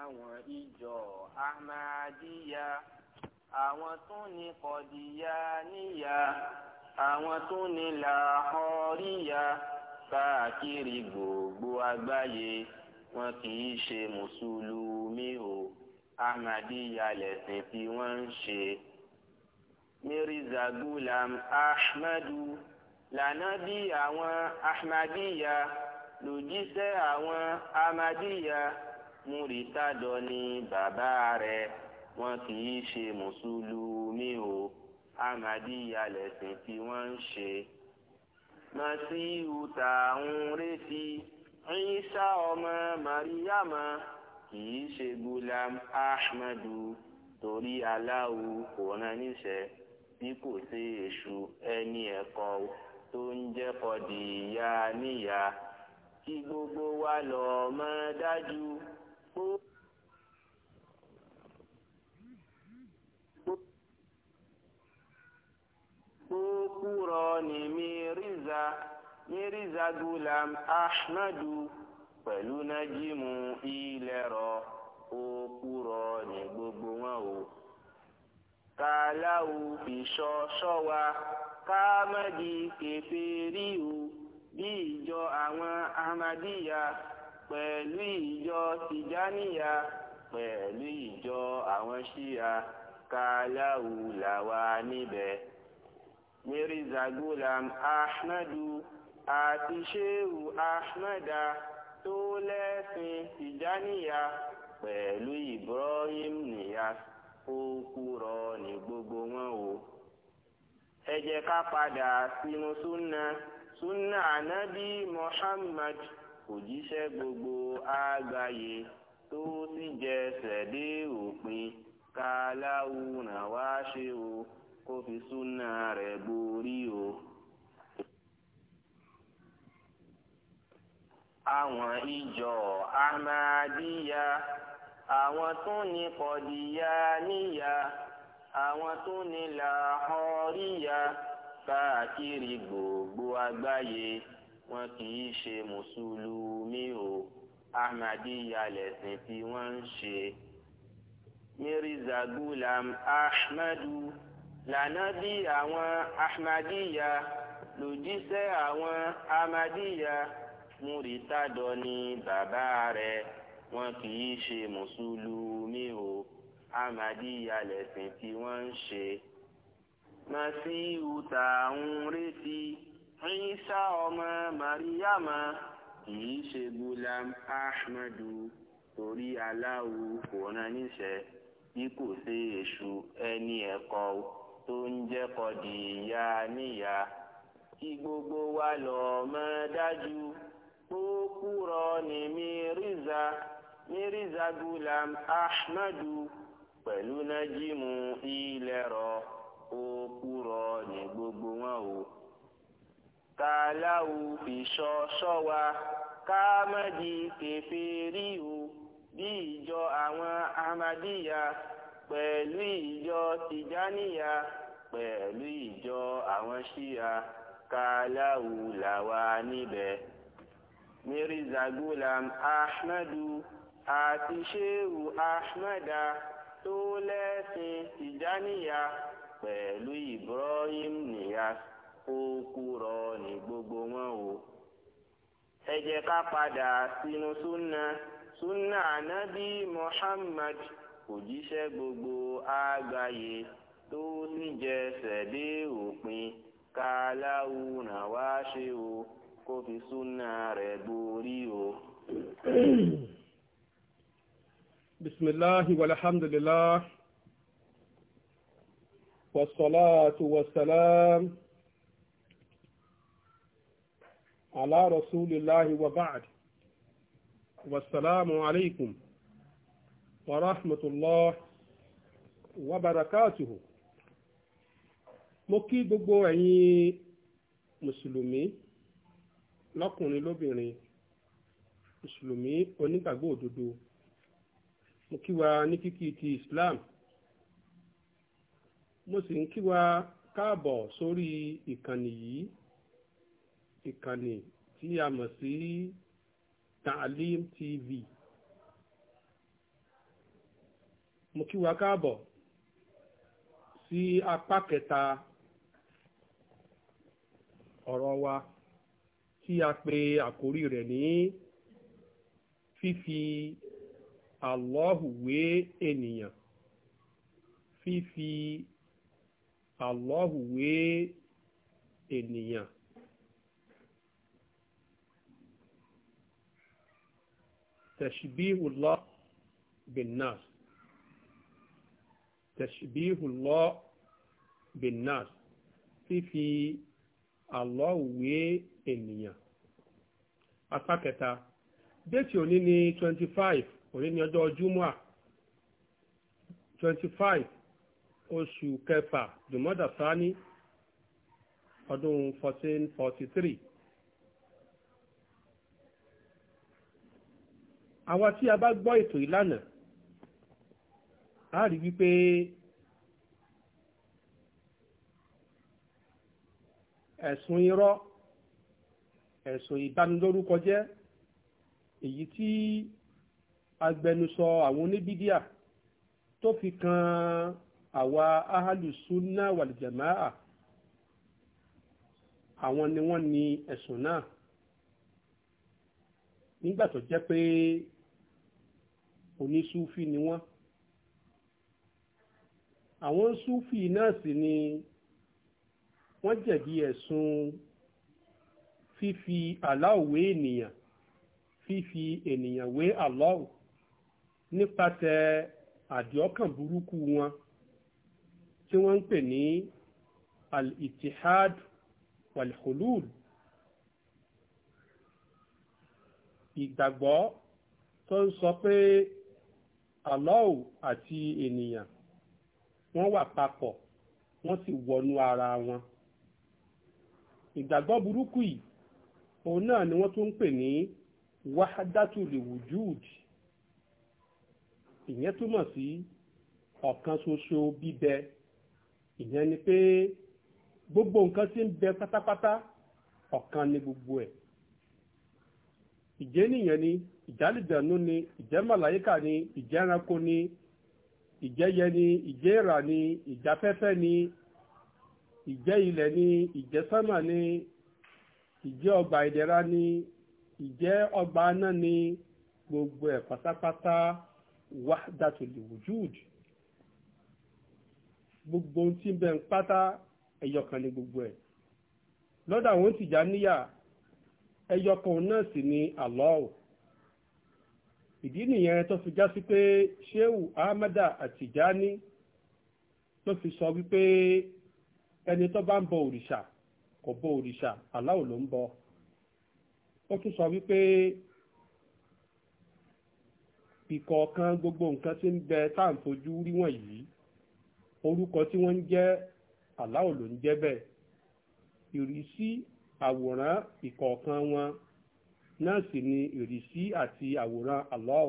àwọn ìjọ ahmadiyya àwọn tún ní kọdíyà níyà àwọn tún ní làhọríyà káàkiri gbogbo àgbáyé wọn kì í ṣe mùsùlùmí o ahmadiyya lẹ̀sìn tí wọ́n ń ṣe. mirza gulam ahmadu lànábì àwọn ahmadiyya lòjíṣẹ́ àwọn ahmadiyya múritádọ ni bàbá rẹ̀ wọn kì í ṣe mùsùlùmí o amadíyà lẹ̀sìn tí wọ́n ń ṣe. masihu tá ń retí Ìsá ọmọ mariama kì í ṣe gulam ahmadu torí aláwo kò rán níṣẹ́ bí kò ṣe èṣù ẹni ẹ̀kọ́ tó ń jẹ́kọ̀ dìyà níyà kí gbogbo wa lọ́ọ́ mọ̀ dájú. kpokpúrọ ní mírízà mírízà gulam ahmadu pẹ̀lú nájímù ilẹ̀rọ òkúrọ ní gbogbo wọn o kàláwù ìṣọ́ shọwa káàmádì kẹfẹ́ rí o bí ìjọ àwọn ahmadiyya. pẹ̀lú ìjọ tìjáníyà pẹ̀lú ìjọ àwọn ṣíya kàláwù làwà níbẹ̀. mirza gulam ahmadu àti sheu ahmada tó lẹ́sìn tìjáníyà pẹ̀lú ibrahim niyas ó kúrọ ní gbogbo wọn o. ẹ jẹ́ ká padà sínú súnà súnà ànábì muhammad. òjíṣẹ́ gbogbo àgbáyé tó sì jẹ dé òpin káláwù náà wá ṣe o kó fi súnà rẹ̀ borí o. àwọn ìjọ ahmadiyya àwọn tó ní kọdíyà níyà àwọn tó ní làhọríyà káàkiri gbogbo àgbáyé. wọn kì í ṣe mùsùlùmí o ahmadiyya lẹ̀sìn tí wọ́n ń ṣe. mirza gulam ahmadu lànábì àwọn ahmadiyya lòjíṣẹ́ àwọn ahmadiyya múritádọ ni bàbá rẹ̀ wọn kì í ṣe mùsùlùmí o ahmadiyya lẹ̀sìn tí wọ́n ń ṣe. masihu tá ń retí. Ìsá ọmọ Mariama, kìí ṣe Gulam Ahmadu torí aláwo kò rán níṣẹ́ bí kò ṣe èṣù ẹni ẹ̀kọ́ tó ń jẹ́kọ̀ di ìyá níyà kí gbogbo wa lọ mọ̀ dájú pé kúrọ ní Mírízà Mírízà Gulam Ahmadu pẹ̀lú nájímù ilẹ̀ rọ ó kúrọ ní gbogbo wọn o kàláwù ìṣọ́ ṣọ́wa káàmọ́dì kẹfẹ́rí o bí ìjọ àwọn ahmadíyà pẹ̀lú ìjọ tìjáníyà pẹ̀lú ìjọ àwọn ṣíya kàláwù làwa níbẹ̀. mirza gulam ahmadu àti sheu ahmada tó lẹ́sìn tìjáníyà pẹ̀lú ibrahim niyas kúkúrọ ní gbogbo wọn o. ẹ jẹ́ ká padà sínú súnà súnà ànábì Muhammad òjíṣẹ́ gbogbo àgbáyé tó sì jẹsẹ̀ dé òpin káláwù náà wá ṣe o kó fi súnà rẹ̀ borí o. bisimilahi walhamdulilah wasalaatu wasalaam. على رسول الله وبعد والسلام عليكم ورحمة الله وبركاته wabarakatuhu kí gbogbo ẹ̀yin mùsùlùmí lọ́kùnrin lóbìnrin mùsùlùmí onígbàgbọ́ òdodo mo wa ti Islam mo sì ìkànnì tí a mọ̀ sí Taalim TV mo kí wa káàbọ̀ sí apá kẹta ọ̀rọ̀ wa tí a pè àkórí rẹ̀ ní fífi Allahu wé ènìyàn fífi Allahu wé ènìyàn tashbihullah bin-nas tashbihullah bin-nas fífi Allah wé ènìyàn apá kẹta déètì òní ní twenty five òní ní ọjọ́ júmọ́à twenty five oṣù kẹfà jùmọ́dà sáni ọdún fourteen forty three. àwa tí a bá gbọ́ ètò ìlànà a rí wípé ẹ̀sùn irọ́ ẹ̀sùn ìbanilórúkọ jẹ́ èyí tí agbẹnusọ àwọn oníbídíà tó fi kan àwa ahalùsúnà wàlìjàmáà àwọn ni wọ́n ní ẹ̀sùn náà nígbà tó jẹ́ pé onísúfì ni wọ́n àwọn súfì náà sì ni wọ́n jẹ̀bi ẹ̀sùn fífi Allah wé ènìyàn fífi ènìyàn wé Allah nípasẹ̀ àdìọ́kàn burúkú wọn tí wọ́n ń pè ní al-ittihad wal-hulul ìgbàgbọ́ tó ń sọ pé Allahu àti ènìyàn wọ́n wà papọ̀ wọ́n sì wọnú ara wọn ìgbàgbọ́ burúkú yìí òun náà ni wọ́n tún ń pè ní wahadatul wujud ìyẹn túmọ̀ sí ọ̀kan ṣoṣo bíbẹ ìyẹn ni pé gbogbo nǹkan tí ń bẹ pátápátá ọ̀kan ni gbogbo ẹ̀ ìjẹ́ nìyẹn ni ìjálìjànú ni ìjẹ́ màláyíkà ni ìjẹ́ ẹranko ni ìjẹ́yẹ ni ìjẹ́ ìrà ni ìjáfẹ́fẹ́ ni ìjẹ́ ilẹ̀ ni ìjẹ́ ni ìjẹ́ ọgbà ìdẹ̀ra ni ìjẹ́ ọgbà aná ni gbogbo ẹ̀ pátápátá gbogbo ohun tí ń bẹ ń pátá ẹ̀yọkàn ni gbogbo ẹ̀ ẹ̀yọkàn ìdí nìyẹn tó fi já sí pé sheu ahmada àtìjáni ló fi sọ wípé ẹni tó bá ń bọ òrìṣà kò bọ òrìṣà aláwo ló ń bọ ó tún sọ wípé ìkọ̀ọ̀kan gbogbo nǹkan tí ń bẹ tá à ń fojú rí wọ̀nyí orúkọ tí wọ́n ń jẹ́ aláwo ló ń jẹ́ bẹ́ẹ̀ ìrísí àwòrán ìkọ̀ọ̀kan wọn náà sì ni ìrísí àti àwòrán Allah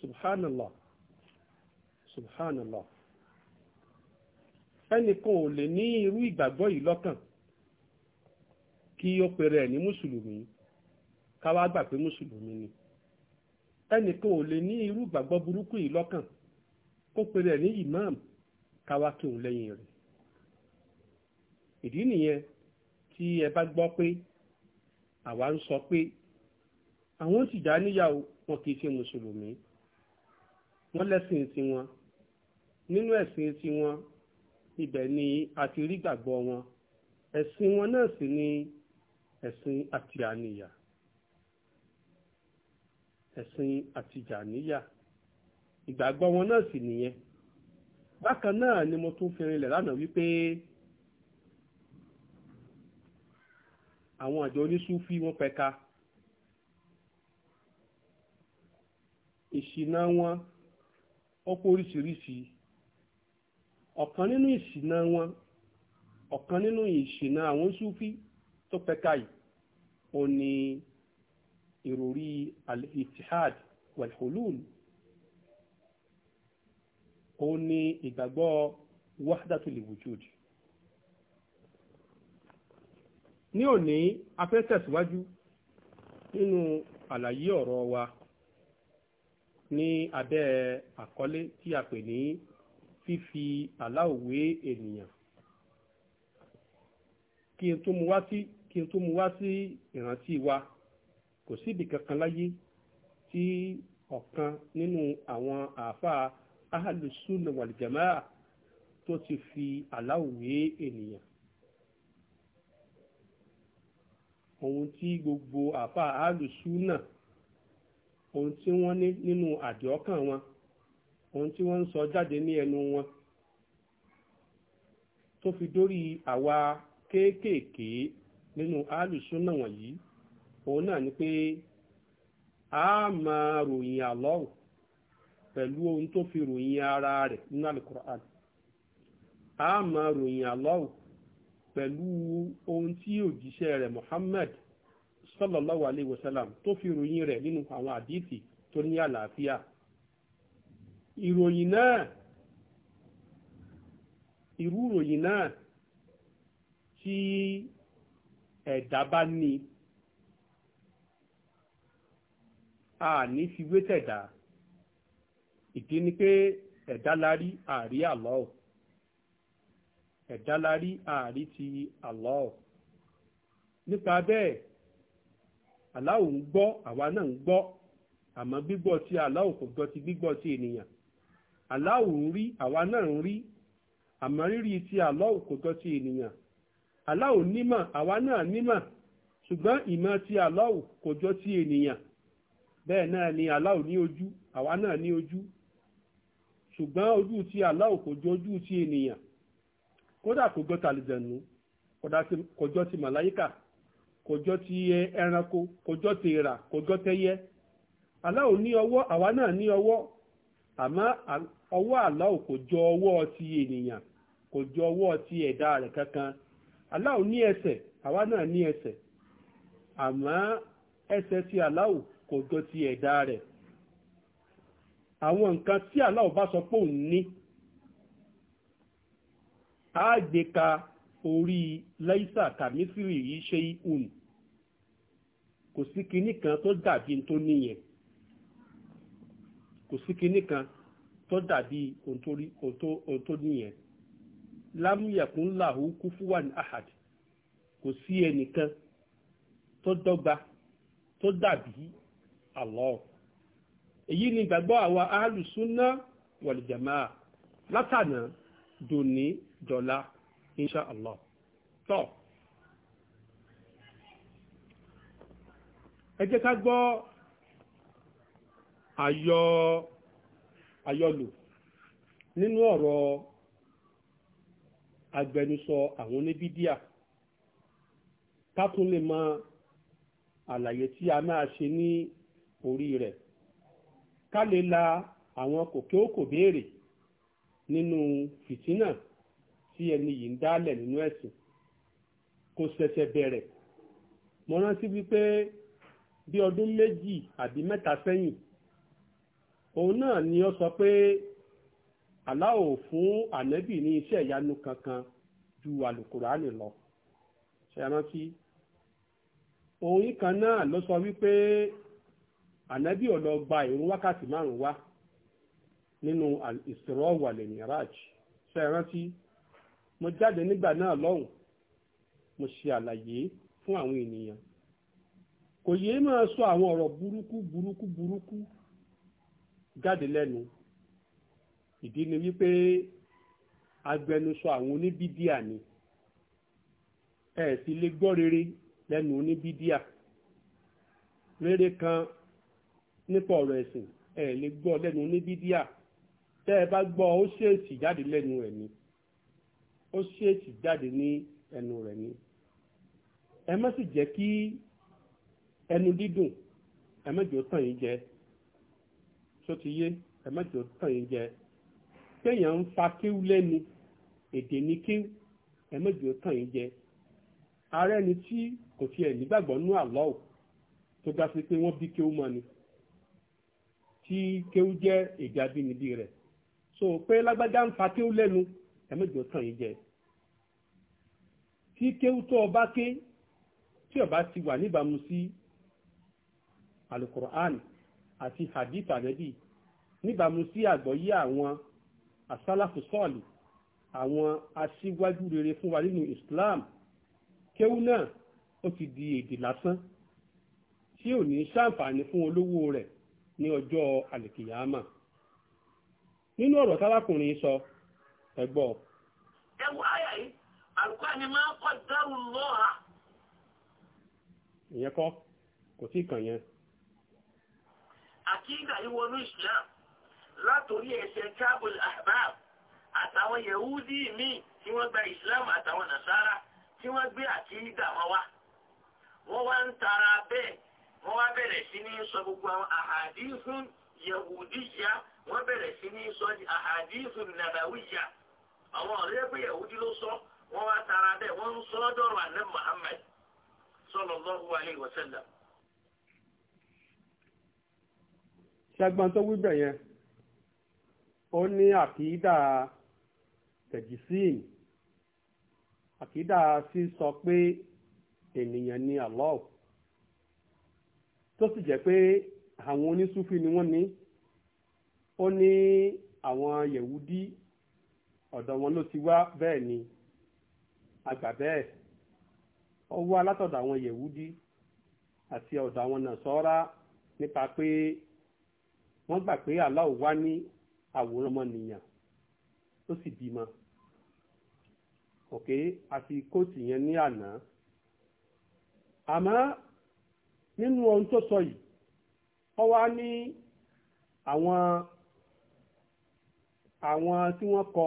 subhanallah subhanallah ẹnìkan ò lè ní irú ìgbàgbọ́ yìí lọ́kàn kí ó pèrè ní mùsùlùmí káwá gbà pé mùsùlùmí ni ẹnìkan ò lè ní irú ìgbàgbọ́ burúkú yìí lọ́kàn kó pèrè ní imam káwá kí òun lẹ́yìn rẹ̀ ìdí nìyẹn tí ẹ bá gbọ́ pé àwa ń sọ pé àwọn Tìjàníyàwó wọn kì í ṣe mùsùlùmí wọ́n lẹ́sìn tiwọn nínú ẹ̀sìn tiwọn ibẹ̀ ni a ti rí gbàgbọ́ wọn ẹ̀sìn wọn náà sì ni ẹ̀sìn àtìjàníyà ẹ̀sìn àtìjàníyà ìgbàgbọ́ wọn náà sì nìyẹn bákan náà ni mo tún fi rinlẹ̀ lánàá wípé àwọn àjọ onísúfí wọ́n pẹ̀ka ìṣìnà wọn ọ̀pọ̀ oríṣiríṣi ọ̀kan nínú ìṣìnà wọn ọ̀kan nínú ìṣìnà àwọn súfí tó pẹ̀ka yìí ó ní ìròrí al-ittihad wal-hulul ó ní ìgbàgbọ́ wahdatul wujud ní òní a fẹ́ tẹ̀síwájú nínú àlàyé ọ̀rọ̀ wa ní abẹ́ àkọlé tí a pè ní fífi aláòwé ènìyàn kí n tó mú wá sí kí n tó mú wá sí ìrántí wa kò síbi kankan láyé tí ọ̀kan nínú àwọn àáfàá ahàlùsùn wàlìjàmáà tó ti fi aláòwé ènìyàn ohun tí gbogbo àfa náà ohun tí wọ́n ní nínú àdìọ́kàn wọn ohun tí wọ́n ń sọ jáde ní ẹnu wọn tó fi dórí àwa kéékèèké nínú náà wọ̀nyí òun náà ni pé a máa ròyìn Allah pẹ̀lú ohun tó fi ròyìn ara rẹ̀ nínú al a máa ròyìn Allah pẹ̀lú ohun tí òjíṣẹ́ rẹ̀ Muhammad sallallahu alayhi wa sallam tó fi ìròyìn rẹ̀ nínú àwọn àdìsí tó ní àlàáfíà ìròyìn náà irú ìròyìn náà tí ẹ̀dá bá ní a ní fi wé tẹ̀dá ìdí ni pé ẹ̀dá la àrí ẹ̀dá larí ààrí ti àlọ́ọ̀ nípa bẹ́ẹ̀ Allah ń gbọ́ àwa náà ń gbọ́ àmọ́ gbígbọ́ ti Allah kò gbọ́ ti gbígbọ́ ti ènìyàn Allah ń rí àwa náà ń rí àmọ́ rírí ti Allah kò ti ènìyàn nímọ̀ àwa náà nímọ̀ ṣùgbọ́n ìmọ̀ ti kò ti ènìyàn bẹ́ẹ̀ náà ni ní ojú àwa náà ní ojú ṣùgbọ́n ojú ti kò ti ènìyàn kódà kò jọ tàlìjẹ̀nù kò jọ ti màláyíkà kò jọ ti ẹranko kò jọ ti èrà kò jọ tẹyẹ aláwo ní ọwọ àwa náà ní ọwọ àmọ́ ọwọ aláwo kò jọ ọwọ́ ti ènìyàn kò jọ ọwọ́ ti ẹ̀dá rẹ̀ kankan aláwo ní ẹsẹ àwa náà ní ẹsẹ àmọ́ ẹsẹ ti aláwo kò jọ ti ẹ̀dá rẹ̀ àwọn nǹkan tí aláwo bá sọ pé òun ní a gbé orí laisa kàmísírì yìí ṣe ìhùn kò sí kinní kan tó dàbí tó níyẹn kò sí kinní kan tó dàbí ohun tó níyẹn lámúyẹ̀kún làhú kúfúwà ní ahad kò sí ẹnìkan tó dọ́gba tó dàbí Allah èyí ni ìgbàgbọ́ àwa ahlùsúnná wal jamaa látànà dòní dọ̀la insha allah tọ́ ẹ jẹ́ ká gbọ́ àyọ àyọlò nínú ọ̀rọ̀ agbẹnusọ àwọn oníbídíà ká tún lè mọ àlàyé tí a máa ṣe ní orí rẹ̀ ká lè la àwọn kòkè òkò béèrè nínú fìtínà tí ẹni yìí ń dálẹ̀ nínú ẹ̀sìn kò ṣẹ̀ṣẹ̀ bẹ̀rẹ̀ mo rántí wípé bí ọdún méjì àbí mẹ́ta sẹ́yìn òun náà ni ó sọ pé aláwo fún ànẹ́bì ní iṣẹ́ ìyanu kankan ju àlùkùránì lọ ṣe rántí òun kan náà ló sọ wípé ànẹ́bì ò lọ gba ìrun wákàtí márùn wá nínú Al-Isra wal Mi'raj ṣe rántí mo jáde nígbà náà lọ́hùn mo ṣe àlàyé fún àwọn ènìyàn kò yéé máa sọ àwọn ọ̀rọ̀ burúkú burúkú burúkú jáde lẹ́nu ìdí ni wípé agbẹnusọ àwọn oníbídíà ni ẹ sì lè gbọ́ rere lẹ́nu oníbídíà rere kan nípa ọ̀rọ̀ ẹ̀sìn ẹ lè gbọ́ lẹ́nu oníbídíà tẹ́ ẹ bá gbọ́ ó ṣèèṣì jáde lẹ́nu ẹ̀ ni ó ṣèèṣì jáde ní ẹnu rẹ̀ ni ẹ má sì jẹ́ kí ẹnu dídùn ẹ má jẹ́ ó tàn yín jẹ tó ti yé ẹ má jẹ́ ó tàn yín jẹ kéèyàn ń fa kíw lẹ́nu èdè ní kíw ẹ má jẹ́ ó tàn yín jẹ ààrẹ ni tí kò tiẹ̀ nígbàgbọ́ nú àlọ́ọ̀ tó ga sí pé wọ́n bí kéw mọ́ ni tí kéw jẹ́ èdè abínibí rẹ̀ so pé lágbájá ń fa kéw lẹ́nu ẹ̀mẹ́jọ tàn yín jẹ kí kéwú tó ọba ké tí ọba ti wà níbàámu sí alukur'an àti hadith ànábì níbàámu sí àgbọ́yé àwọn asálàfù sọ́ọ̀lì àwọn aṣíwájú rere fún wa nínú Islam kéwú náà ó ti di èdè lásán tí ò ní ṣàǹfààní fún olówó rẹ̀ ní ọjọ́ àlìkìyàmà nínú ọ̀rọ̀ tálákùnrin sọ. So, ẹ gbọ́. ẹ wọ àyà yìí àlùkò àni máa kọ dẹrù lọ́ha. ìyẹn kọ́ kò sí yẹn. àkíńdà yìí wọnú Islam látòrí ẹsẹ̀ àtàwọn tí gba Islam àtàwọn nasara tí wọ́n gbé àkíńdà wọn wa Wọn wá ń tara bẹ́ẹ̀ wọ́n wá bẹ̀rẹ̀ sí ní sọ gbogbo àhàdí fún àwọn ọ̀rẹ́ pé yahudi ló sọ wọn wá tara bẹ́ẹ̀ wọ́n ń sọ dọ́rọ̀ àná muhammed sallallahu alaihi wasallam. ṣàgbọ́n tó wí bẹ̀ yẹn ó ní àkìdá tẹ̀jísìn àkìdá sí sọ pé ènìyàn ni Allah tó sì jẹ́ pé àwọn onísúfì ni wọ́n ní ó ní àwọn yahudi ọ̀dọ̀ wọn ló ti wá bẹ́ẹ̀ ni àgbà bẹ́ẹ̀ ó wá látọ̀dọ̀ àwọn yẹ̀wúdí àti ọ̀dọ̀ àwọn nàṣọ́ra nípa pé wọ́n gbà pé aláwọ̀ wá ní àwòrán ọmọnìyàn ó sì bímọ òkè àti kóòtù yẹn ní àná àmọ́ nínú ohun tó sọ yìí ó wá ní àwọn àwọn tí wọ́n kọ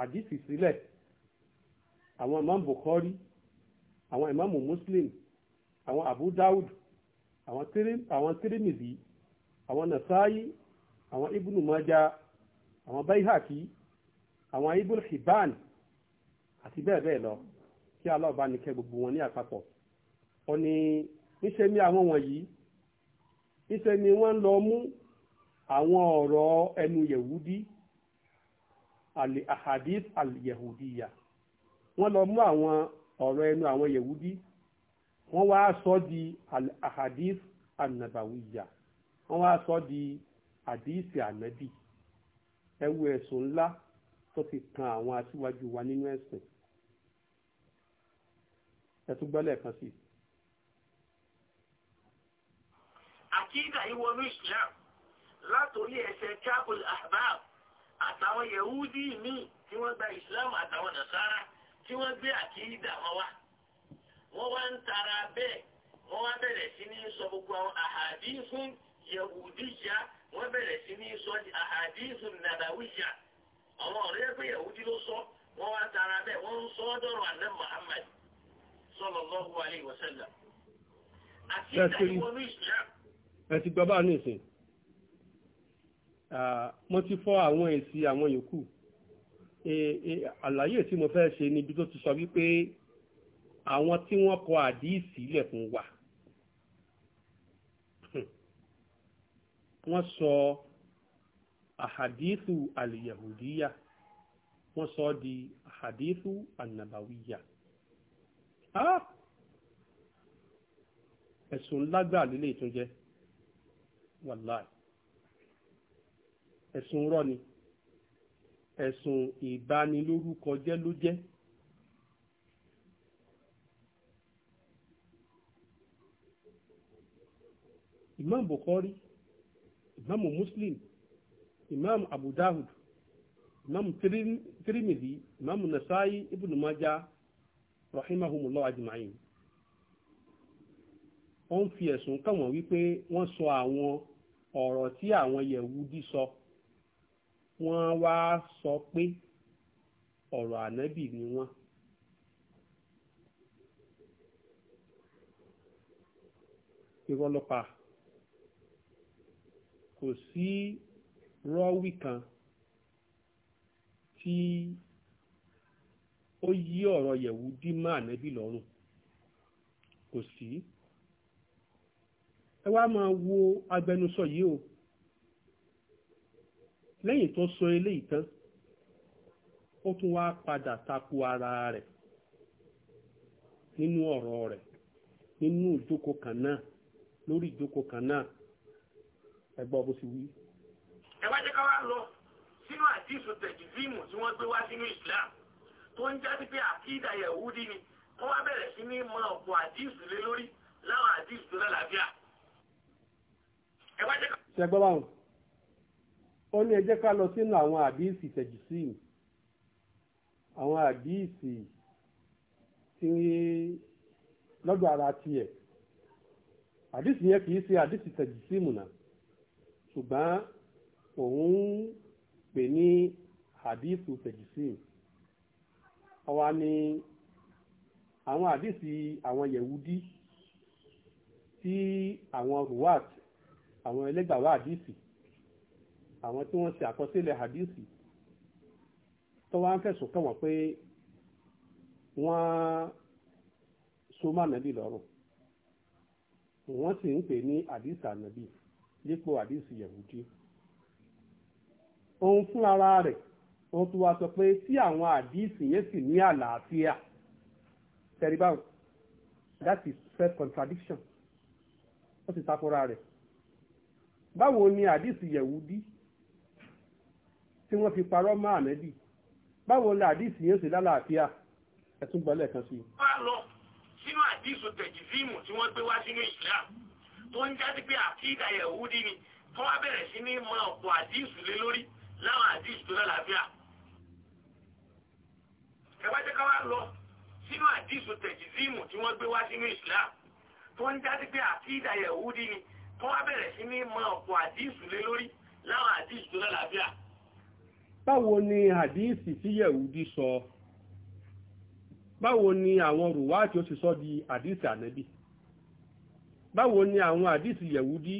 àdìsí sílẹ̀ àwọn imam bukhari àwọn imam muslim àwọn abu dawud àwọn tirimizi àwọn nasayi àwọn ibnu maja àwọn bayhaki àwọn ibn hibban àti bẹ́ẹ̀ bẹ́ẹ̀ lọ kí Allah bá ní kẹ́ gbogbo wọn ní àpapọ̀ ó ní níṣẹ́ ní àwọn wọ̀nyí níṣẹ́ ni wọ́n lọ mú àwọn ọ̀rọ̀ ẹnu yẹ̀wúdí àlè ahadith al-yahudiya wọ́n lọ mú àwọn ọ̀rọ̀ ẹnu àwọn yahudi wọ́n wá sọ di ahadith anabawiya wọ́n wá sọ di àdìsí ànábì ẹ wo ẹ̀sùn ńlá tó fi kan àwọn aṣíwájú wa nínú ẹ̀sìn ẹ tún gbọ́lẹ̀ kan sí. àkídà ìwọ̀nú ìṣẹ́ látòrí ẹsẹ̀ kábùl ahbab àtàwọn yahudi míì tí wọ́n gba islam àtàwọn nasara tí wọ́n gbé àkídà wọn wá wọ́n wá ń tara bẹ́ẹ̀ wọ́n wá bẹ̀rẹ̀ sí ní sọ gbogbo àwọn yahudi yẹ̀wúdíyà wọ́n bẹ̀rẹ̀ sí ní sọ àhàdíhùn nàbàwíyà àwọn ọ̀rẹ́ pé yẹ̀wúdí ló sọ wá tara ń sọ àná Muhammad sọlọ mo ti fọ àwọn èsì àwọn yòókù e, e, àlàyé tí mo fẹ́ ṣe níbi tó ti sọ wípé àwọn tí wọ́n kọ àdíìsì ilẹ̀ fún wa hmm. wọ́n sọ àhàdíìsù àlìyàhùdíyà wọ́n sọ di àhàdíìsù ànàbàwíyà ẹ̀sùn lágbà lílé ìtúnjẹ wàláì ẹ̀sùn rọ́ ni ẹ̀sùn ìbanilórúkọ jẹ́ ló jẹ́. imam bukhari imam muslim imam abu dawud imam tirimidi imam nasai ibn maja rahimahumullah ajma'in wọ́n fi ẹ̀sùn kàn wọ́n wípé wọ́n sọ àwọn ọ̀rọ̀ tí àwọn yẹ̀wù dí sọ. So wọ́n wá sọ pé ọ̀rọ̀ ànábì ni wọ́n. irọ́ ló pa kò sí rọ́wì kan tí ó yí ọ̀rọ̀ yẹ̀wù dí mọ́ ànábì lọ́rùn kò sí ẹ wá máa wo agbẹnusọ yìí o. lẹ́yìn tó sọ eléyìí tán ó tún wá padà tako ara rẹ̀ nínú ọ̀rọ̀ rẹ̀ nínú ìjókòó kan náà lórí ìjókòó kan náà ẹ gbọ́ bó sì wí. ẹ wá jẹ́ ká wá lọ sínú àdìsù tẹ̀jìfíìmù tí wọ́n gbé wá sínú Islam tó ń jáde pé àkídà Yahudi ni wọ́n wá bẹ̀rẹ̀ sí ní mọ ọ̀pọ̀ àdìsù lé lórí láwọn àdìsù tó lálàáfíà. ẹ wá jẹ́ ká. ṣe gbọ́ báwọn ó ní ẹ jẹ́ ká lọ sínú àwọn àdíìsì tẹ̀jú sí àwọn àdíìsì tí lọ́dọ̀ ara tiẹ̀ àdíìsì yẹn kì í ṣe àdíìsì tẹ̀jú sí mùnà ṣùgbọ́n òun ń pè ní àdíìsì tẹ̀jú sí ọwa ni àwọn àdíìsì àwọn yẹ̀wúdí tí àwọn ruwat àwọn ẹlẹ́gbàá àdíìsì àwọn tí wọ́n ṣe àkọsílẹ̀ hadisi tó wá ń fẹ̀sùn kàn wọ́n pé wọ́n so nàbí lọ́rùn wọ́n sì ń pè ní hadisi ànàbí dípò hadisi yahudi òun fún ara rẹ̀ wọ́n tó wá sọ pé tí àwọn hadisi yẹn sì ní àlàáfíà tẹ̀ríbáwò that is self contradiction ó sì takora rẹ̀ báwo ni hadisi tí wọ́n fi parọ́ mọ́ ànẹ́bì báwo la àdìsí yóò ṣe lálàáfíà ẹ̀tún gbọ́lẹ̀ kan sí. wá lọ sínú àdìsù tẹ̀jìfíìmù tí wọ́n gbé wá sínú Islam tó ń jáde pé àkídà Yẹ̀húdí ni tó wá bẹ̀rẹ̀ sí ní mọ ọ̀pọ̀ àdìsù lé lórí láwọn àdìsù tó lálàáfíà. ẹ wá jẹ́ ká wá lọ sínú àdìsù tẹ̀jìfíìmù tí wọ́n gbé wá sínú Islam tó ń jáde pé àkídà Yẹ̀húdí ni tó wá bẹ̀rẹ̀ sí ní mọ ọ̀pọ̀ àdìsù lé lórí láwọn àdìsù tó lálàáfíà báwo ni hadisi tí yẹ̀wùdí sọ báwo ni àwọn rùwáàtì ó ti sọ di hadisi ànábì báwo ni àwọn hadisi yẹ̀wùdí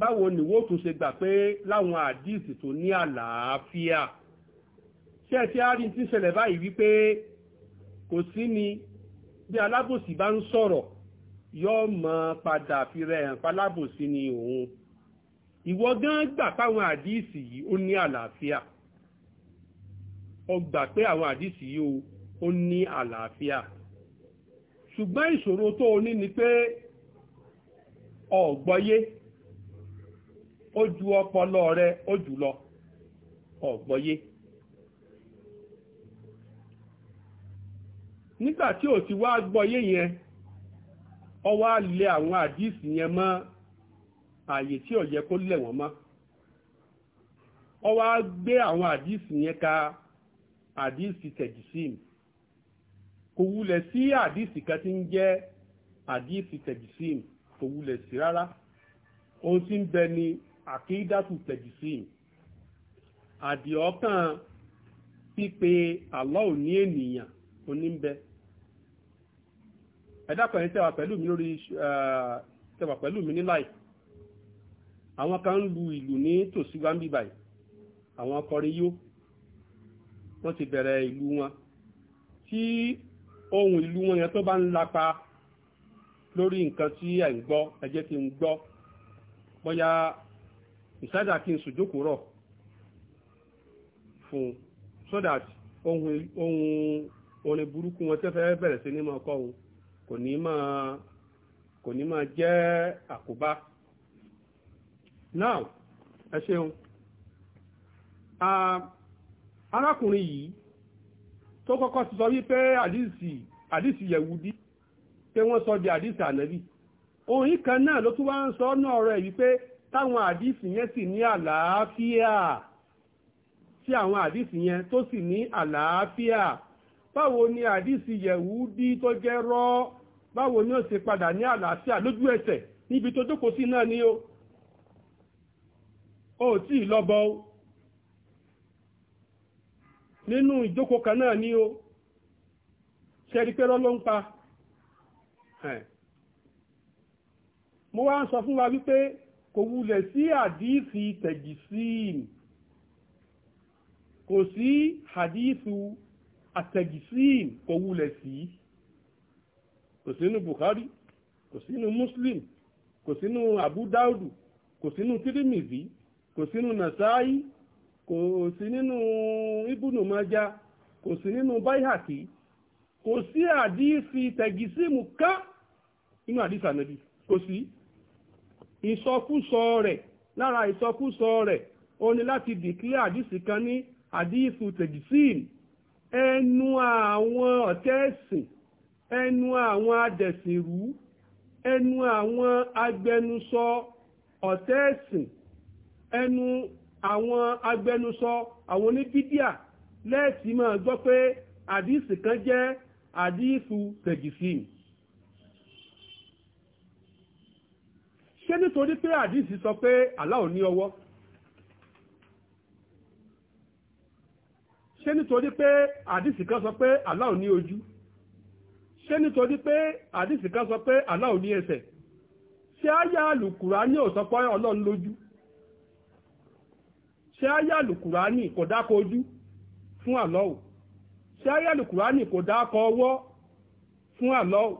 báwo ni wó tún ṣe gbà pé láwọn hadisi tó ní àlàáfíà ṣé ẹ ti á rí ti ń ṣẹlẹ̀ báyìí wípé kò sí ni bí alábòsí bá ń sọ̀rọ̀ yóò mọ padà fi rẹ̀ hàn pálábòsí ni òun ìwọ gan gbà páwọn àdíìsì yìí ó ní àlàáfíà ọgbà pé àwọn àdíìsì yìí ó ní àlàáfíà ṣùgbọ́n ìṣòro tó o ní ni pé ọ̀gbọ́yé ó ju ọpọlọ rẹ ó jù lọ ọ̀gbọ́yé nígbà tí ò ti wá gbọ́yé yẹn ó wá àwọn àdíìsì yẹn mọ́ ààyè tí ò yẹ kó lẹ̀ wọ́n mọ́ ọ wá gbé àwọn àdíìsì yẹn ka àdíìsì tẹ̀jìsìm kò wulẹ̀ sí àdíìsì kan tí ń jẹ́ àdíìsì tẹ̀jìsìm kò wulẹ̀ sí rárá ohun tí ń bẹ ni àkídàtù tẹ̀jìsìm àdìọ́kàn pípe Allah ò ní ènìyàn oníbẹ ẹ̀dá kan yẹn tẹ́wà pẹ̀lú mi lórí tẹ́wà pẹ̀lú mi ní láìpẹ́ àwọn kan ń lu ìlú ní tòsí wa ń bí báyìí àwọn akọrin yó wọ́n ti bẹ̀rẹ̀ ìlú wọn tí ohun ìlú wọn yẹn tó bá ń lapa lórí nǹkan tí ẹ̀ ń gbọ́ ẹ jẹ́ kí gbọ́ bóyá ìsájà kí n sùjókòó fún so that ohun ohun orin burúkú wọn tẹ́fẹ́ bẹ̀rẹ̀ sí ní máa kọ́ òun kò ní máa jẹ́ àkóbá now ẹ ṣeun arákùnrin yìí tó kọ́kọ́ ti sọ wípé àdìsí àdìsí yẹ̀wùdí pé wọ́n sọ di àdìsí ànábì òun kan náà ló tún wá ń sọ náà rẹ̀ wípé táwọn àdìsí yẹn sì ní àlàáfíà tí àwọn àdìsí yẹn tó sì ní àlàáfíà báwo ni àdìsí yẹ̀wùdí tó jẹ́ rọ́ báwo ni ó ṣe padà ní àlàáfíà lójú ẹsẹ̀ níbi tó jókòó sí náà ni ó ó tí ì lọ́bọ ó nínú ìjókòó kan náà ní o ṣẹ́rí pé rọ́lọ́ ń pa mo wá ń sọ fún wa wípé kò wulẹ̀ sí àdíìsì tẹ̀gìsíìn kò sí àdíìsù àtẹ̀gìsíìn kò wulẹ̀ sí kò sínú Bukhari kò sínú Muslim kò sínú Abu Daudu kò sínú Tirimizi kò sínú nàṣáì kò sí nínú ibùnú májá kò sí nínú báyàkì kò sí àdífi tẹ̀gísímù ká inú àdífi ànábì kò sí ìsọkúsọ rẹ̀ lára ìsọkúsọ rẹ̀ ó ní láti dìkílẹ̀ àdífi kan ní àdífi tẹ̀gísímù ẹnu àwọn ọ̀tẹ́ẹ̀sìn ẹnu àwọn adẹ̀sìnrú ẹnu àwọn agbẹnusọ ọ̀tẹ́ẹ̀sìn ẹnu àwọn agbẹnusọ àwọn oníbídíà lẹ́ẹ̀tì máa gbọ́ pé àdíìsì kan jẹ́ àdíìsù tẹ̀jìsì ṣé nítorí pé àdíìsì sọ pé aláò ní ọwọ́ ṣé nítorí pé àdíìsì kan sọ pé aláò ní ojú ṣé nítorí pé àdíìsì kan sọ pé aláò ní ẹsẹ̀ ṣé áyá àlùkùrá ní òsọpọ̀ ọlọ́run lójú ṣé àyà lùkùránì kò dákọ ojú fún àlọ́wò ṣé àyà lùkùránì kò dákọ ọwọ́ fún àlọ́wò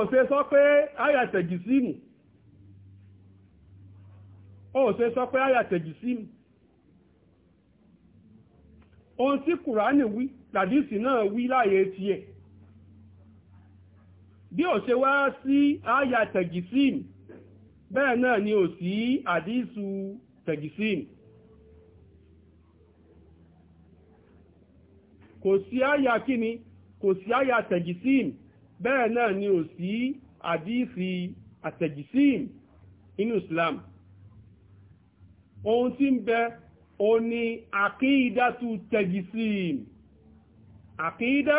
ó ṣe sọ pé àyà tẹ̀jì ó sọ pé àyà ohun tí kùránì wí tàdísì náà wí láyé tiẹ̀ bí ó ṣe wá sí àyà bẹ́ẹ̀ náà ni ò sí àdísù tẹ̀gìsìn kò sí àyà kíni kò sí àyà tẹ̀gìsìn bẹ́ẹ̀ náà ni ò sí àdísì àtẹ̀gìsìn inú Islam ohun tí ń bẹ o ni àkídàtù tẹ̀gìsìn àkídà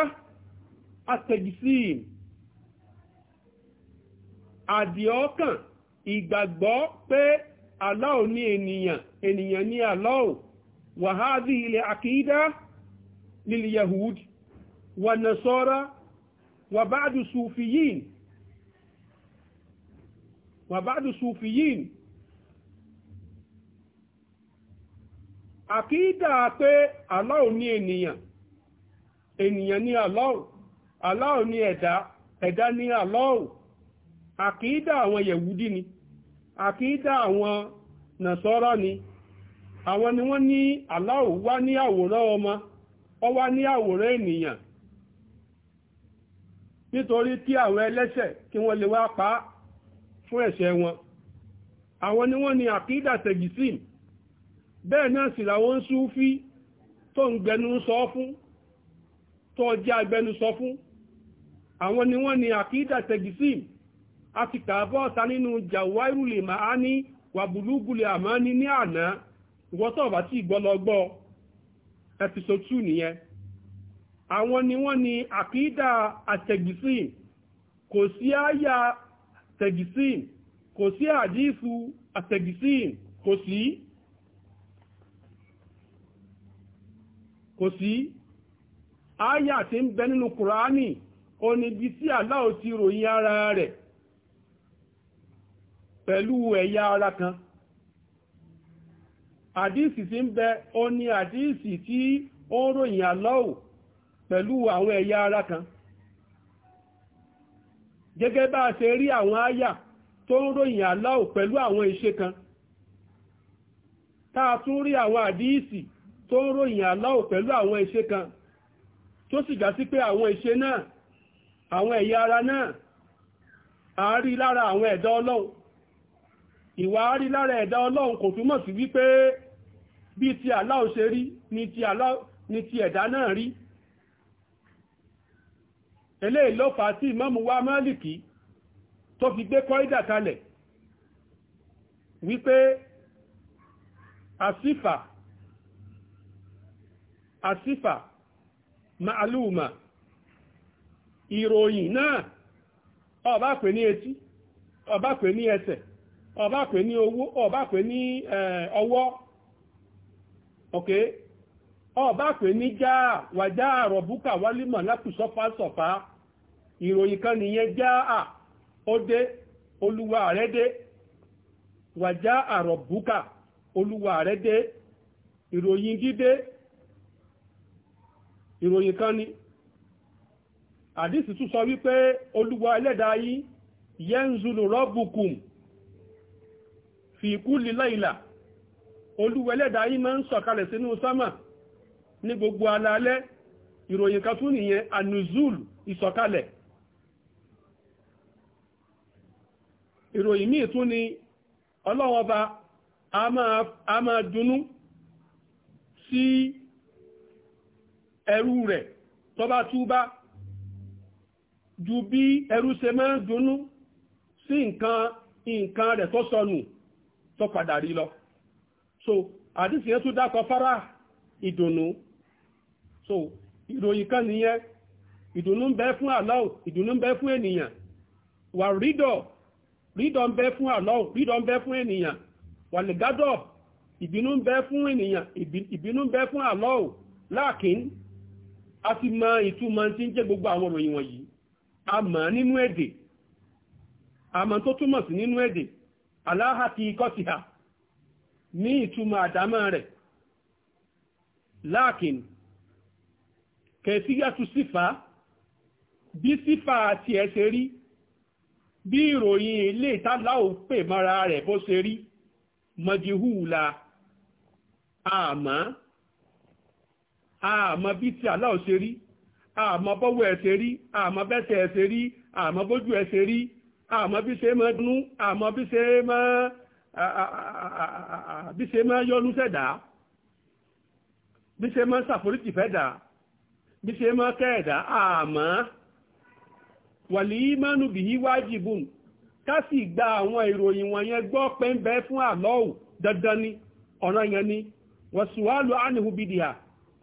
àtẹ̀gìsìn àdìọ́kàn ìgbàgbọ́ pé Allah ní ènìyàn ènìyàn ní Allah wa hadhihi al-aqida lil yahud wa nasara wa ba'du sufiyin wa ba'du sufiyin àkídà pé Allah ní ènìyàn ènìyàn ní Allah Allah ní ẹ̀dá ẹ̀dá ní Allah àkídà àwọn yẹ̀wúdí ni àkídà àwọn nàṣọ́rọ́ ni àwọn ni wọ́n ní Allah wá ní àwòrán ọmọ ọ wá ní àwòrán ènìyàn nítorí kí àwọn ẹlẹ́ṣẹ̀ kí wọ́n lè wá pa fún ẹ̀ṣẹ̀ wọn àwọn ni wọ́n ni àkídà tẹ̀gìsìm bẹ́ẹ̀ náà sì làwọn ń súfí tó ń gbẹnu sọ fún tó jẹ́ agbẹnusọ fún àwọn ni wọ́n ní a ti ta nínú Jawahirul Ma'ani wà ní àná ìwọ́tọ̀ ọ̀bá tí ìgbọ́lọgbọ́ episode 2 nìyẹn àwọn ni ni àkídà kò sí àyà àtẹ̀gìsìn kò sí àdífù àtẹ̀gìsìn kò sí kò sí àyà tí ń bẹ nínú Kùránì ròyìn ara rẹ̀ pẹ̀lú ẹ̀yà ara kan àdíìsì tí ń bẹ ó ní àdíìsì tí ó ń ròyìn àlọ́wò pẹ̀lú àwọn ẹ̀yà ara kan gẹ́gẹ́ bá ṣe rí àwọn àyà tó ń ròyìn àlọ́wò pẹ̀lú àwọn iṣẹ́ kan táa tún rí àwọn àdíìsì tó ń ròyìn àlọ́wò pẹ̀lú àwọn iṣẹ́ kan tó sì já pé àwọn iṣẹ́ náà àwọn ẹ̀yà ara náà àárí lára àwọn ẹ̀dọ́ Ọlọ́run ìwà rí lára ẹ̀dá ọlọ́run kò túmọ̀ sí wípé bí ti aláò ṣe rí ni ti ẹ̀dá náà rí eléyìí ló fà á sí ìmáàmù wa Málìkì tó fi gbé kọ́ídà kalẹ̀ wípé àsífà àsífà màálùmà ìròyìn náà ọba pè ní etí ọba pè ní ẹsẹ̀ ọba ni ní owó ni ní eh, ọwọ́ ok ọba ní wàjá àrọ̀búkà wálímọ̀ lápùsọ́fà sọ̀fà ìròyìn kan nìyẹn já à ó dé olúwa rẹ̀ dé wàjá olúwa ìròyìn dídé ìròyìn kan ni àdísì tún sọ wípé olúwa ẹlẹ́dàá ń fi kulli layla olúwẹ̀lẹ́dà yìí máa ń sọ̀kalẹ̀ sínú sámà ní gbogbo alálẹ́ ìròyìn kan tún nìyẹn anuzul ìsọ̀kalẹ̀ ìròyìn míì tún ni ọlọ́wọ́ba a máa dunú sí ẹrú rẹ̀ tó bá túbá ju bí ẹrú ṣe máa dunú sí nǹkan rẹ̀ tó sọnù so tó padà lọ so àdìsí yẹn tún dákọ fara ìdùnnú so ìròyìn kan nìyẹn ìdùnnú bẹ fún Allah ìdùnnú ń bẹ fún ènìyàn wà rídọ rídọ ń bẹ fún Allah rídọ ń bẹ fún ènìyàn wà lẹ̀gádọ̀ ìbínú ń bẹ fún ènìyàn ìbínú ń bẹ fún láàkín a ti mọ gbogbo àwọn a nínú aláhàtí kọ́tìhà ní ìtumọ̀ àdámọ́ rẹ̀ láàkín kẹfíyàtú sífà bí sífà àti ẹsẹ̀ rí bí ìròyìn ilé ìtàláò pè mọ́ra rẹ̀ bó ṣe rí mọ́jihúùla àmọ́ àmọ́ bí ti aláò ṣe rí àmọ́ bọ́wọ́ ẹsẹ̀ rí àmọ́ bẹ́sẹ̀ ẹsẹ̀ rí àmọ́ bójú ẹsẹ̀ rí àmọ́ bí ṣe máa dùnnú àmọ́ bí ṣe máa bí ṣe máa yọ́nú sẹ̀dá bí ṣe máa ṣàforíjì fẹ́ dà bí ṣe máa kẹ́ ẹ̀dá àmọ́ wàlíìmánu bìí wájibun ká sì gba àwọn ìròyìn wọ̀nyẹn gbọ́ pé fún àlọ́wù dandan ni ọ̀ràn yẹn ni wàsùwálù ánìhùbìdìhà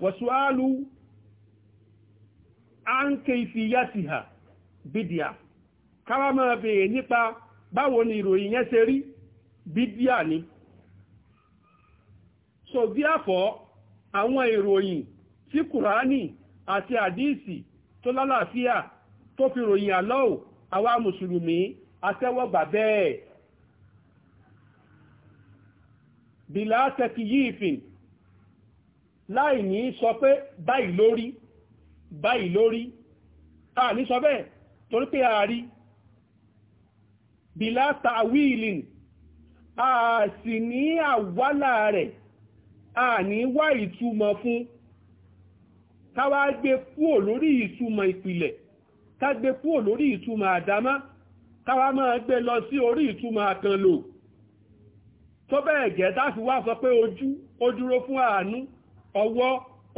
wàsùwálù ánkè ìfìyàtìhà bìdìhà káwá máa béèrè nípa báwo ni ìròyìn yẹn ṣe rí bídíà ni so therefore àwọn ìròyìn tí kùránì àti àdíìsì tó lálàáfíà tó fi ròyìn àlọ́ò àwa mùsùlùmí àtẹ́wọ́gbà bẹ́ẹ̀ bìlá tẹ́kì yìí fìn láì ní sọ pé báyìí lórí báyìí lórí a ní sọ bẹ́ẹ̀ torí a rí bìlá tàwíìlì a ní àwálà rẹ̀ a ní wá ìtumọ̀ fún káwá gbé kúò lórí ìtumọ̀ ìpìlẹ̀ ká gbé kúò lórí ìtumọ̀ àdámá káwá máa gbé lọ sí orí ìtumọ̀ àkànlò tó bẹ́ẹ̀ gẹ́ táfi wá sọ pé ojú ó dúró fún àánú ọwọ́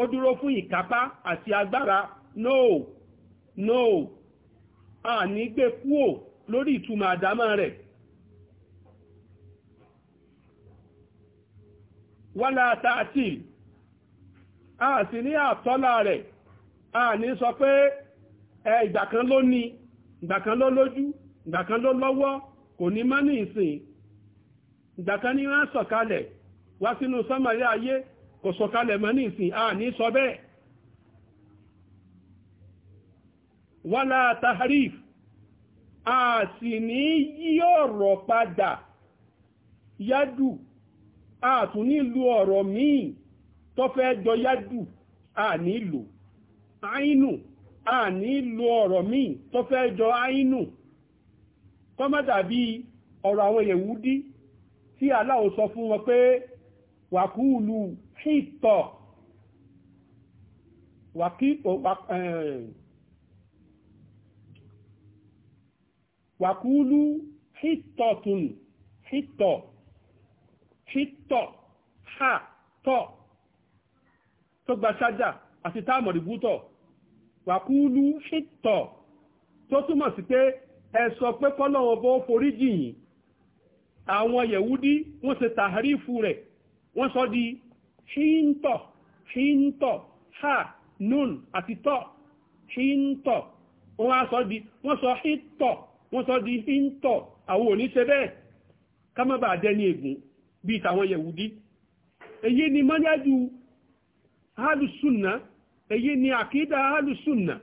ó dúró fún ìkápá àti agbára no no a ní gbé kúò lórí ìtumọ̀ àdámọ́ rẹ̀ wọ́lá tààtì a sì ní àtọ́lá rẹ̀ a ní sọ pé ẹ ìgbàkan ló ní ìgbàkan ló lójú ìgbàkan ló lọ́wọ́ kò ní mọ́ ní ìsìn ìgbàkan ní wọ́n sọ̀kalẹ̀ wá sínú sọ́mọ̀lẹ́ ayé kò sọ̀kalẹ̀ mọ́ ní ìsìn a ní sọ bẹ́ẹ̀ a sì ní yí ọ̀rọ̀ padà yádù a tún nílò ọ̀rọ̀ míì tó fẹ́ jọ yádù a nílò àínù a nílò ọ̀rọ̀ míì tó fẹ́ jọ àínù kọ́mọ́dà bí ọ̀rọ̀ àwọn Yẹ̀wúdí tí Allāhu sọ fún wọn pé wàkúùlù hìtọ̀ wàkí wàkúlú hítọ̀tún hítọ̀ hítọ̀ ha tọ̀ tó gba ṣájà àti táàmọ̀dìbútọ̀ wàkúlú hítọ̀ tó túmọ̀ sí pé ẹ sọ pé kọ́lọ́wọ́ bó forí jìyìn àwọn yẹ̀wúdí wọ́n ṣe tàhrífù rẹ̀ wọ́n sọ di ṣíntọ̀ ṣíntọ̀ ha nun àti tọ̀ ṣíntọ̀ wọ́n sọ di wọ́n sọ di híńtọ̀ àwọn òní bẹ́ẹ̀ ká má bàa dẹni ègún bíi tàwọn yẹ̀wùdí èyí ni mọ́nyájú alùsùnà èyí ni àkídà alùsùnà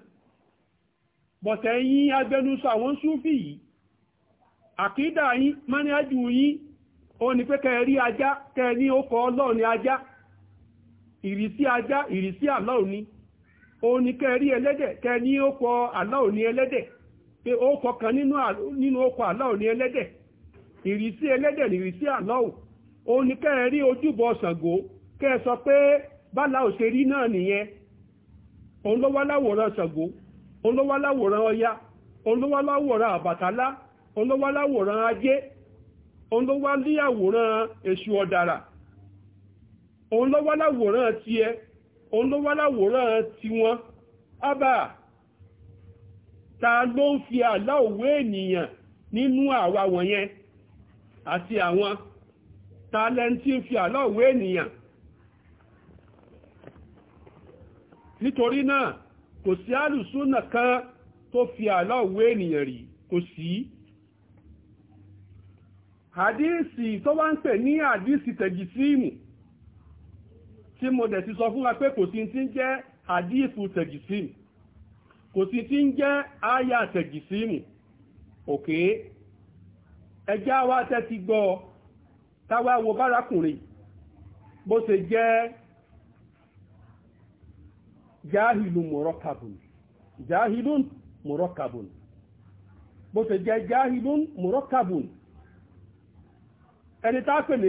bọ̀tẹ̀ yín agbẹnusọ àwọn súfì yìí àkídà yín mọ́nyájú yín ó ní pé kẹrí ajá kẹrí ọkọ̀ ọlọ́ọ̀ni ajá ìrísí ajá ìrísí àlọ́ọ̀ni ó ní kẹrí ẹlẹ́dẹ̀ kẹrí ọkọ̀ àlọ́ọ̀ni ẹlẹ́dẹ̀ pé ó kọkàn nínú ọkọ̀ aláwọ̀ ní ẹlẹ́dẹ̀ ìrísí ẹlẹ́dẹ̀ ní ìrísí aláwọ̀ ó ní ẹ rí ojúbọ Ṣàngó ẹ sọ pé bálá òṣèrí náà nìyẹn òun ló wá láwòrán Ọya òun ló wá láwòrán Àbàtálá òun ló wá láwòrán Ajé òun ló wá ní àwòrán Èṣù Ọ̀dàrà òun ló wá láwòrán ta ló ń fi àlá òwe ènìyàn nínú àwa wọ̀nyẹn àti àwọn ta lẹ́ni tí ń fi àlá òwe ènìyàn nítorí náà kò sí àlùsúnà kan tó fi àlá òwe ènìyàn rí kò sí àdíìsì tó wá ń pè ní àdíìsì tẹ̀gìsíìmù tí mo dẹ̀ ti sọ fún wa pé kò sí ti ń jẹ́ àdíìsì tẹ̀gìsíìmù kò sí tí ń jẹ́ àyà tẹ̀gìsímù òkè ẹjá wa tẹ́tí gbọ́ táwa wo bárakùnrin bó ṣe jẹ́ jahilu mọ̀rọ̀kàbùn jáhìlù mọ̀rọ̀kàbùn bó ṣe jẹ́ jáhìlù mọ̀rọ̀kàbùn ẹni tá pè ní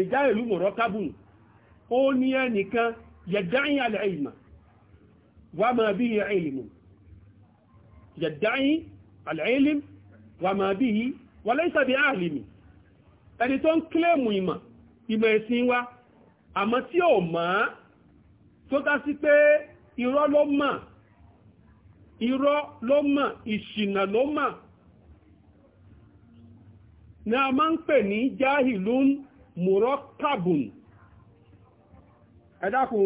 ó ní ẹnìkan ìmọ̀ wà máa bí ìmọ̀ yẹ̀dáyín yi wàmàbíhí wọlẹ́sàbí àlìmì ẹni tó ń kílèmù ìmọ̀ ìmọ̀ ẹ̀sìn wa àmọ́ tí ò mọ̀ tó ká sí pé irọ́ ló mọ̀ irọ́ ló mọ̀ ìṣìnà ló mọ̀ ni a máa ń jahilun murokabun ẹ dákun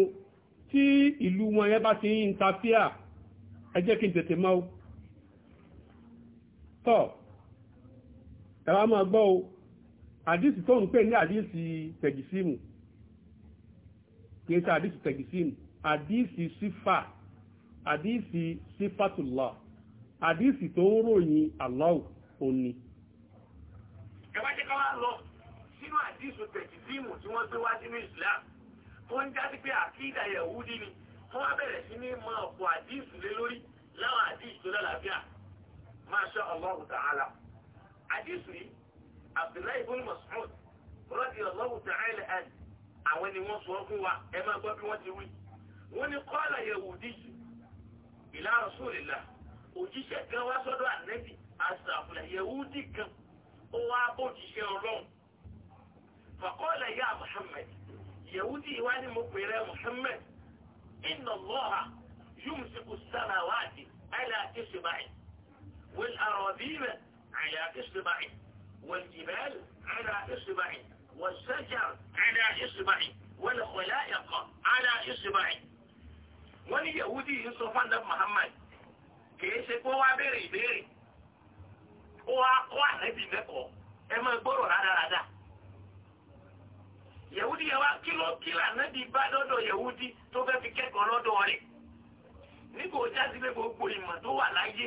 ilu ìlú wọn tọ́ ẹ̀wà máa gbọ́ o àdísì tó ń pè ní àdísì tẹ̀gìsímù kìí ṣe àdísì tẹ̀gìsímù àdísì sífà àdísì sífàtùlá àdísì tó ń ròyìn Allah òní. ẹ̀wá jẹ́ ká wá lọ sínú àdísì tẹ̀gìsímù tí wọ́n gbé wá sínú Islam tó ń jáde pé àkídà Yahudi ni wọ́n á bẹ̀rẹ̀ sí ní mọ ọ̀pọ̀ àdísì lé lórí láwọn àdísì tó lálàáfíà masha Allah ta'ala àdìsù yìí Abdullahi ibn Mas'ud radiyallahu ta'ala an àwọn ni wọ́n sọ fún wa ẹ máa gbọ́ bí wọ́n ti wí wọ́n ní qala yahudi ila rasulillah òjíṣẹ́ kan wá sọ́dọ̀ ànẹ́bì àṣàfùlẹ̀ yahudi kan ó wá bójíṣẹ́ ọlọ́run faqala ya Muhammad والأراضيب على إصبعي والجبال على إصبعي والشجر على إصبعي والخلائق على إصبعي wọ́n ní yahudi yìí sọ fún àdàbù Muhammad kìí ṣe pé wá béèrè ìbéèrè ó wá kọ́ àrẹ́bì mẹ́kọ̀ọ́ ẹ máa gbọ́rọ̀ rádaràda yahudi yẹn wá kíló kílà ànábì bá lọ́dọ̀ yahudi tó fẹ́ fi kẹ́kọ̀ọ́ lọ́dọ̀ rẹ̀ nígbà ó jáde pé gbogbo ìmọ̀ tó wà láyé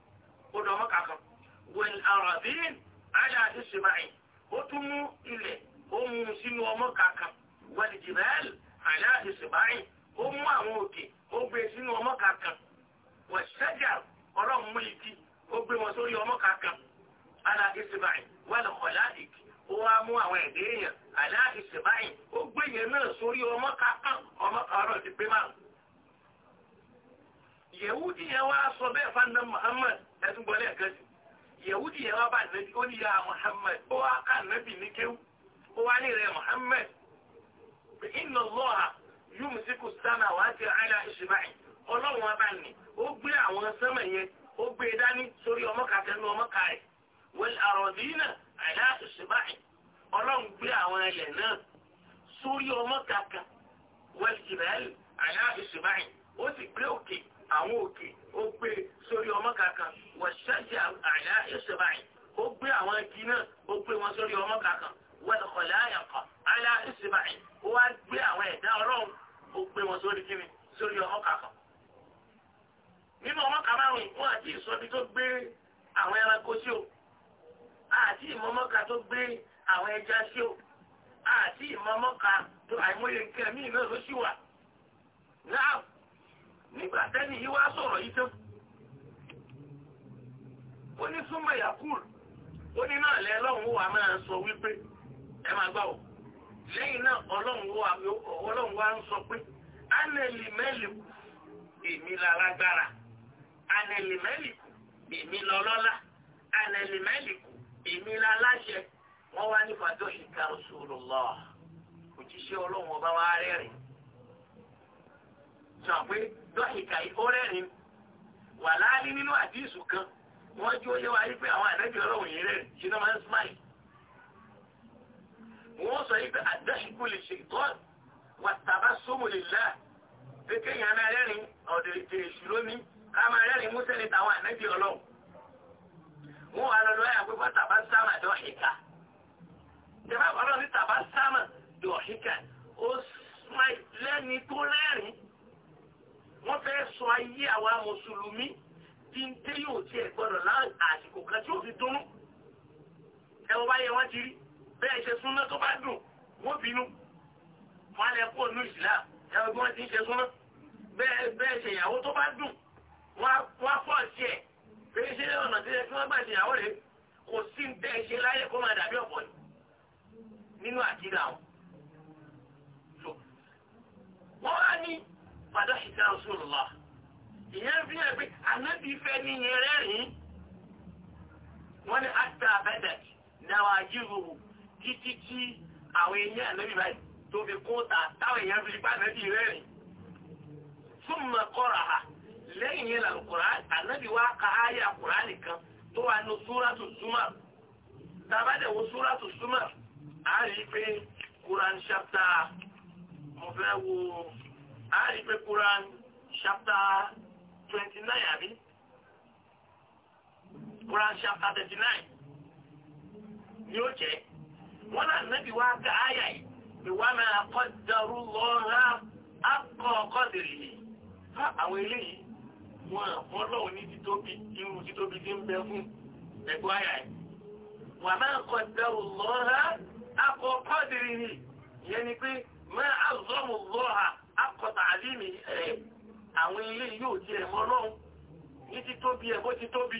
ó dọ̀ mọ́ kàkọ́ wẹ̀l àràbíyìn àjà àdìsí báyìí ó tún mú ilẹ̀ ó mú sínú ọmọ kàkàn wẹ̀l jìbẹ́ẹ̀l àjà àdìsí báyìí ó mú àwọn òkè ó gbé sínú ọmọ kàkàn wẹ̀l sẹ́jà ọlọ́run mú ó gbé wọn sórí ọmọ kàkàn àjà àdìsí báyìí wẹ̀l ó wá mú àwọn ẹ̀dẹ́ èèyàn àjà ó gbé yẹn náà sórí ọmọ kàkàn ọmọ kàrọ̀ ti yẹ̀wúdì yẹn wá sọ bẹ́ẹ̀ fánà Muhammad ẹ̀tún gbọ́lẹ̀ ẹ̀kan sí yẹ̀wúdì yẹn wá bá nẹ́bí ó ní ya Muhammad ó wá ká nẹ́bí ní kéwú ó wá ní rẹ̀ Muhammad inna Allaha yumsiku samawati ala isba'i ọlọ́run wa bá ní ó gbé àwọn sánmà yẹn ó gbé e dání sórí ọmọ kàtẹ́ ní ọmọ kàrẹ̀ wal ardina ala isba'i ọlọ́run gbé àwọn ilẹ̀ náà sórí ọmọ kàkà wal jibali ala isba'i ó sì gbé òkè àwọn òkè ó gbé sórí ọmọ kankan wọ̀ṣẹ́jì àyà ẹ̀ṣẹ̀ báyìí ó gbé àwọn igi náà ó gbé wọn sórí ọmọ kankan wọ̀lọ̀kọ̀lẹ̀ àyànkọ̀ àyà ẹ̀ṣẹ̀ báyìí ó wá gbé àwọn ẹ̀dá ọlọ́run ó gbé wọn sórí kíni sórí ọmọ kankan. nínú ọmọ kàmáwìn wọn àti ìsọbi tó gbé àwọn ẹranko sí o àti ìmọ̀mọ́ka tó gbé àwọn ẹja sí o àti ìmọ̀mọ́ka tó àìmọye kẹmí náà ló sì wà náà nígbà tẹ́ni yìí wá sọ̀rọ̀ yìí tán ó ní súnmọ́ yakul ó ní náà lẹ́ lọ́hùn wa máa sọ wípé ẹ máa gbà lẹ́yìn náà ọlọ́run wa ń sọ pé anẹ́lì mẹ́lìkù èmi lálágbára anẹ́lì mẹ́lìkù èmi lọ́lọ́lá anẹ́lì mẹ́lìkù èmi láláṣẹ wọ́n wá ní ọba wa rẹ́rìn sọ pé dọ́ìkà ìkórẹ́rin wà láàlí nínú àdísù kan wọ́n jí ó yé wa wípé àwọn ànábì ọlọ́run yìí rẹ̀ yìí náà máa ń smile. wọ́n sọ wípé àdọ́ìkù lè ṣe ìtọ́n wà tàbá sómù lè láà pé kéèyàn máa rẹ́rìn ọ̀dẹ̀rẹ̀dẹ̀ èṣù lómi ká máa rẹ́rìn músẹ́ ní tàwọn ànábì ọlọ́run. wọ́n wà lọ́dọ̀ ẹ̀ àpépọ́ tàbá sáàmà dọ́ìkà. ìjọba ọlọ́run ní tàbá sáàmà dọ́ìkà ó smile lẹ́ni tó rẹ́rìn wọ́n fẹ́ sọ ayé àwa mùsùlùmí tí ń tẹ́ yóò tiẹ̀ gbọ́dọ̀ láàrín àsìkò kan tí ó fi dunnú ẹwọ bá yẹ wọ́n ti rí bẹ́ẹ̀ ṣe súnmọ́ tó bá dùn wọ́n bínú wọ́n á lẹ kó nù ìsìlá ẹwọ bí wọ́n ti ń ṣe súnmọ́ bẹ́ẹ̀ ṣe ìyàwó tó bá dùn wọ́n á fọ́ sí ẹ̀ bẹ́ẹ̀ ṣe ọ̀nà tí ẹ fi wọ́n gbà ṣe ìyàwó rẹ̀ kò sí ń tẹ́ ṣe láyé kó máa dàbí ọ̀pọ̀ nínú àkídà wọn. wọ́n á ní fàdáṣìká Rasulullah ìyẹn fi hàn pé ànábì fẹ́ ní yẹn rẹ́rìn-ín wọ́n ní àtà abẹ́dẹ̀ náà àjíhù títí tí àwọn èèyàn ànábì báyìí tó fi kóòtà táwọn èèyàn fi pa ànábì rẹ́rìn-ín súnmọ́ ha lẹ́yìn yẹn làlùkùrá ànábì wá ka áyà kùrá nìkan tó wà ní súrátù súmà tàbádẹ̀ wo súrátù súmà á rí i pé kùrán mo fẹ́ wo. a rí pé Quran 29 twenty nine 39 n'oche ni ó jẹ́ wọ́n náà nẹ́bí wá ká àyà ìwà máa kọ́ darú lọ́ra akọ̀ọ̀kọ́ dèrè yìí fún àwọn eléyìí wọn àwọn lọ́wọ́ ní títóbi wa na ń bẹ fún ẹ̀gbọ́n akọta àlímì ẹ̀ àwọn ilé yóò ti ẹ̀mọ́ lọ́hùn ní ti tóbi ẹ̀ bó ti tóbi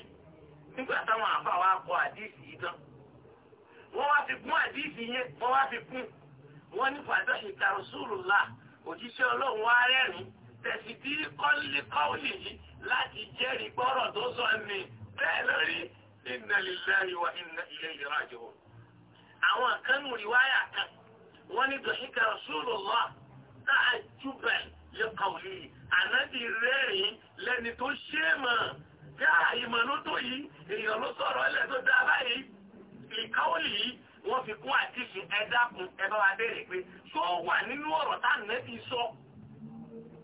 nígbà táwọn àbá wa kọ àdíìsì yìí tán wọ́n wá fi kún àdíìsì yẹn wọ́n wá fi kún wọ́n ní fàdọ́ ìka Rasulullah òjíṣẹ́ ọlọ́run wá rẹ́rìn tẹ̀sí tí kọ́líkọ́ọ̀lì yìí láti jẹ́rìí gbọ́rọ̀ tó sọ ní bẹ́ẹ̀ lórí inna lillahi wa àwọn kan nù kan wọ́n ní dọ̀ṣíkà Rasulullah تعجبا لقوله ànábì rẹ́rìn lẹ́ni tó ṣe mọ̀ tí a ìmọ̀nú tó yìí èèyàn ló sọ̀rọ̀ ẹlẹ́ tó dá báyìí ìkáwọ́lì yìí wọ́n fi kún àtìsù ẹ̀dàkùn ẹ̀bá wa bẹ̀rẹ̀ pé tó wà nínú ọ̀rọ̀ tá ànábì sọ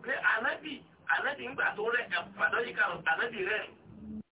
pé ànábì ànábì ńgbà tó rẹ̀ ẹ̀fàdọ́yíkà ànábì re.